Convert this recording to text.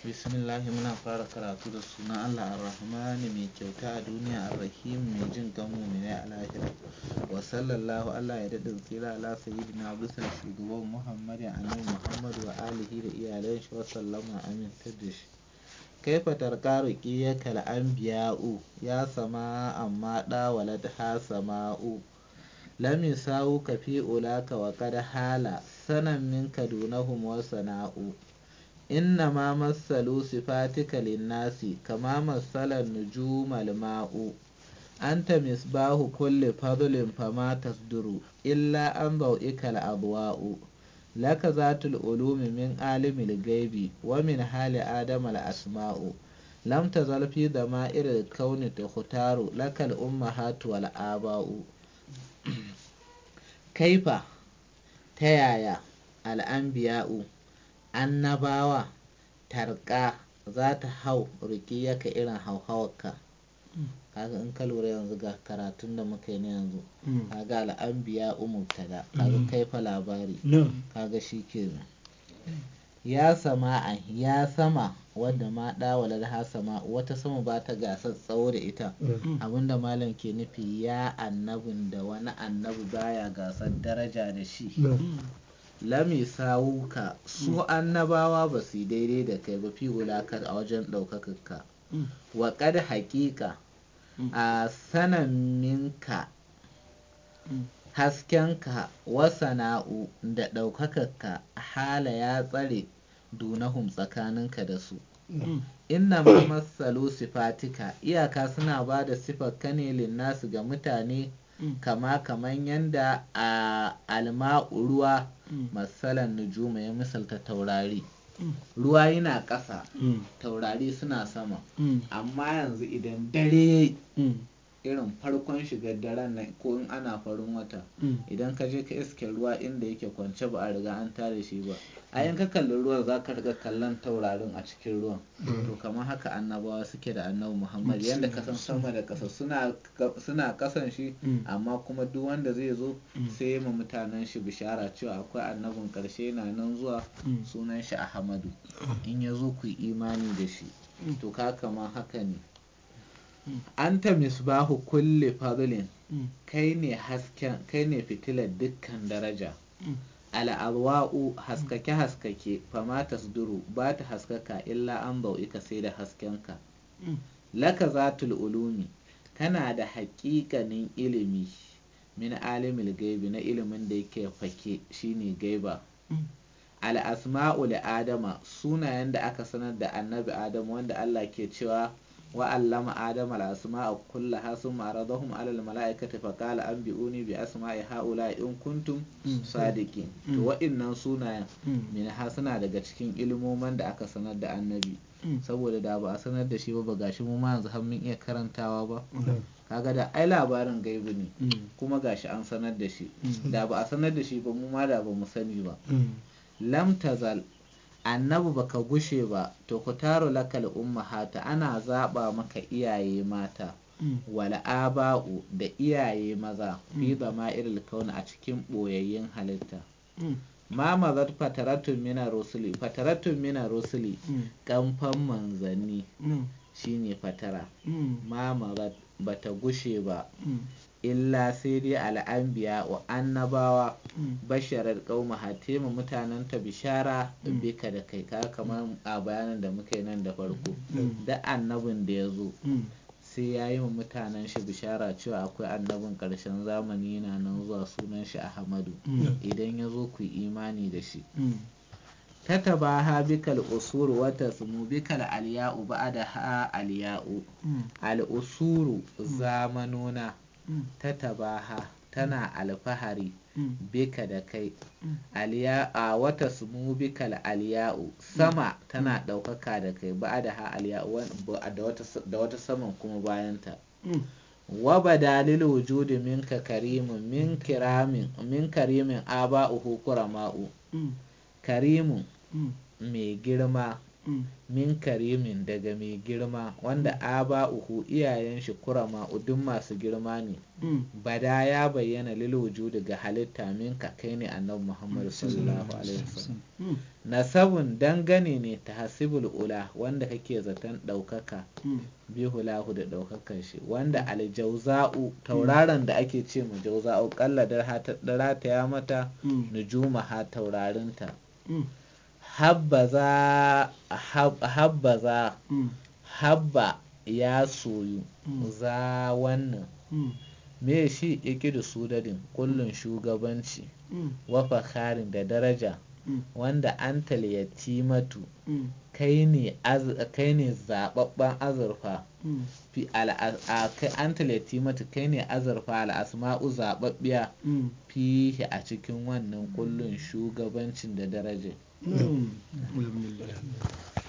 Bismillahi muna fara karatu da suna Allah Ar-Rahmani mai kyauta a duniya Ar-Rahim mai jin kan mu'minai a lahira. Wa sallallahu Allah ya daɗin tsira ala sayyidina bisa shugaban Muhammadu annabi Muhammad wa alihi da iyalan shi wa sallama amin da shi. Kaifa kala an biya u, ya sama amma da walad ha u. Lami sawu ka fi ulaka wa qad hala sanan min kadunahum wa sana'u inna ma masalu sifatika linnasi kama masalan nujumal ma'u anta misbahu kulli fadlin fama duru, illa an ikal adwa'u laka zatul ulumi min alimil gaibi wa min hali Adamal asma'u lam tazal fi dama'ir al kauni tukhtaru lakal ummahatu wal aba'u Kaifa, ta yaya al'anbiya'u (annabawa) tarka za ta hau yaka irin hauhawarka. kaga in ka lura yanzu ga karatun da muka yi na yanzu mm. kaga al'anbiya mutada mm. kaga kaifa labari kaga shi kenan ya a ya sama wadda ma ɗawala da hasama wata sama ba ta gasar tsawo da ita mm. abinda malam ke nufi ya annabin da wani annabi baya gasar daraja da shi mm. lami sawuka su mm. annabawa ba su daidai da kai ba fi wulakar a wajen ɗaukakarka wa kad haƙiƙa a sanan minka Haskenka wa sana'u da ɗaukakarka hala ya tsare dunahum tsakaninka da su. Mm. Inna ma masalu sifatika iyaka suna ba da sifar ne linnasu ga mutane mm. kama kaman yanda a alma'u ruwa mm. masalan nujuma ya misalta taurari. Ruwa yana ƙasa, taurari suna sama. Amma yanzu idan dare irin farkon shigar daren nan ko in ana farin wata mm. idan ka je ka iske ruwa inda yake kwance ba a riga an tare shi ba a yin ka kalli ruwan za ka riga kallon taurarin a cikin ruwan mm. to kamar haka annabawa suke da annabi muhammad mm. yadda ka san sama da ƙasa suna ƙasan shi amma kuma duk wanda zai zo sai yi ma mutanen shi bishara cewa akwai annabin ƙarshe na nan zuwa sunan shi ahmadu ah. in ya zo ku imani da shi to ka kama haka ne anta misbahu kulli fadlin mm. kai ne hasken kai ne fitilar dukkan daraja mm. al'adwa'u haskake haskake fama tasduru ba ta haskaka illa an bau'ika sai da haskenka mm. laka zatul ulumi kana da haƙiƙanin ilimi min alimil gaibi na ilimin da yake fake shine gaiba al'asma'u li adama sunayen da aka sanar da annabi adamu wanda allah ke cewa adama وعلم آدم الأسماء كلها ثم عرضهم على الملائكة فقال أنبئوني بأسماء هؤلاء إن كنتم صادقين وإن سونا من suna daga cikin ilmoman da aka sanar da annabi saboda da ba a sanar da shi ba ba gashi mu ma yanzu har mun iya karantawa ba kaga da ai labarin gaibu ne kuma gashi an sanar da shi da ba a sanar da shi ba mu ma da ba mu sani ba lam tazal annabi baka gushe ba to ku taro lakal ummahata ana zaba maka iyaye mata mm. wal aba'u da iyaye maza fi zama mm. iril kauna a cikin boyayyen halitta mm. ma mazat fataratun mina rusuli fataratun mina rusuli kamfan manzanni shine fatara ma mazat bata gushe ba illa sai dai al'anbiya wa annabawa hmm. basharar kauma mu mutanen ta bishara hmm. bika da kai ka kamar a bayanan da muka yi nan da farko hmm. da annabin da ya zo sai ya yi wa mutanen shi bishara cewa akwai annabin ƙarshen zamani yana nan zuwa sunan shi ahmadu idan ya zo ku imani da shi bikal تتباهى بك bikal وتثم ba'da ha بعدها Al usuru Zamanona. Mm. ta tabaha tana mm. alfahari mm. bika da kai aliya a wata sumu bikal aliya'u sama tana ɗaukaka da kai ba da ha aliya'u da wata saman kuma bayanta wa ba badalil wujudi minka karimun min kiramin min karimin hukura kurama'u Karimu mai girma Mm. min karimin daga mai girma wanda mm. a ba uku iyayen shi kurama udun masu girma ne mm. bada ya bayyana lilwuju daga halitta min ka kai ne annabi muhammadu sallallahu alaihi wasallam nasabun dangane ne ta hasibul ula wanda kake zaton ɗaukaka bihulahu da ɗaukakar shi wanda aljauza'u tauraron da ake ce ma jauza'u kalla da rataya mata nujuma ha taurarinta habbaza habbaza mm. habba ya soyu mm. za wannan mm. me shi yake da sudadin kullum shugabanci wafa fakharin da daraja wanda an taliyati matu kai ne zababban azurfa fi an taliyati matu kai ne azurfa al'asma'u zababbiya fi a cikin wannan kullum shugabancin da daraja نعم والحمد لله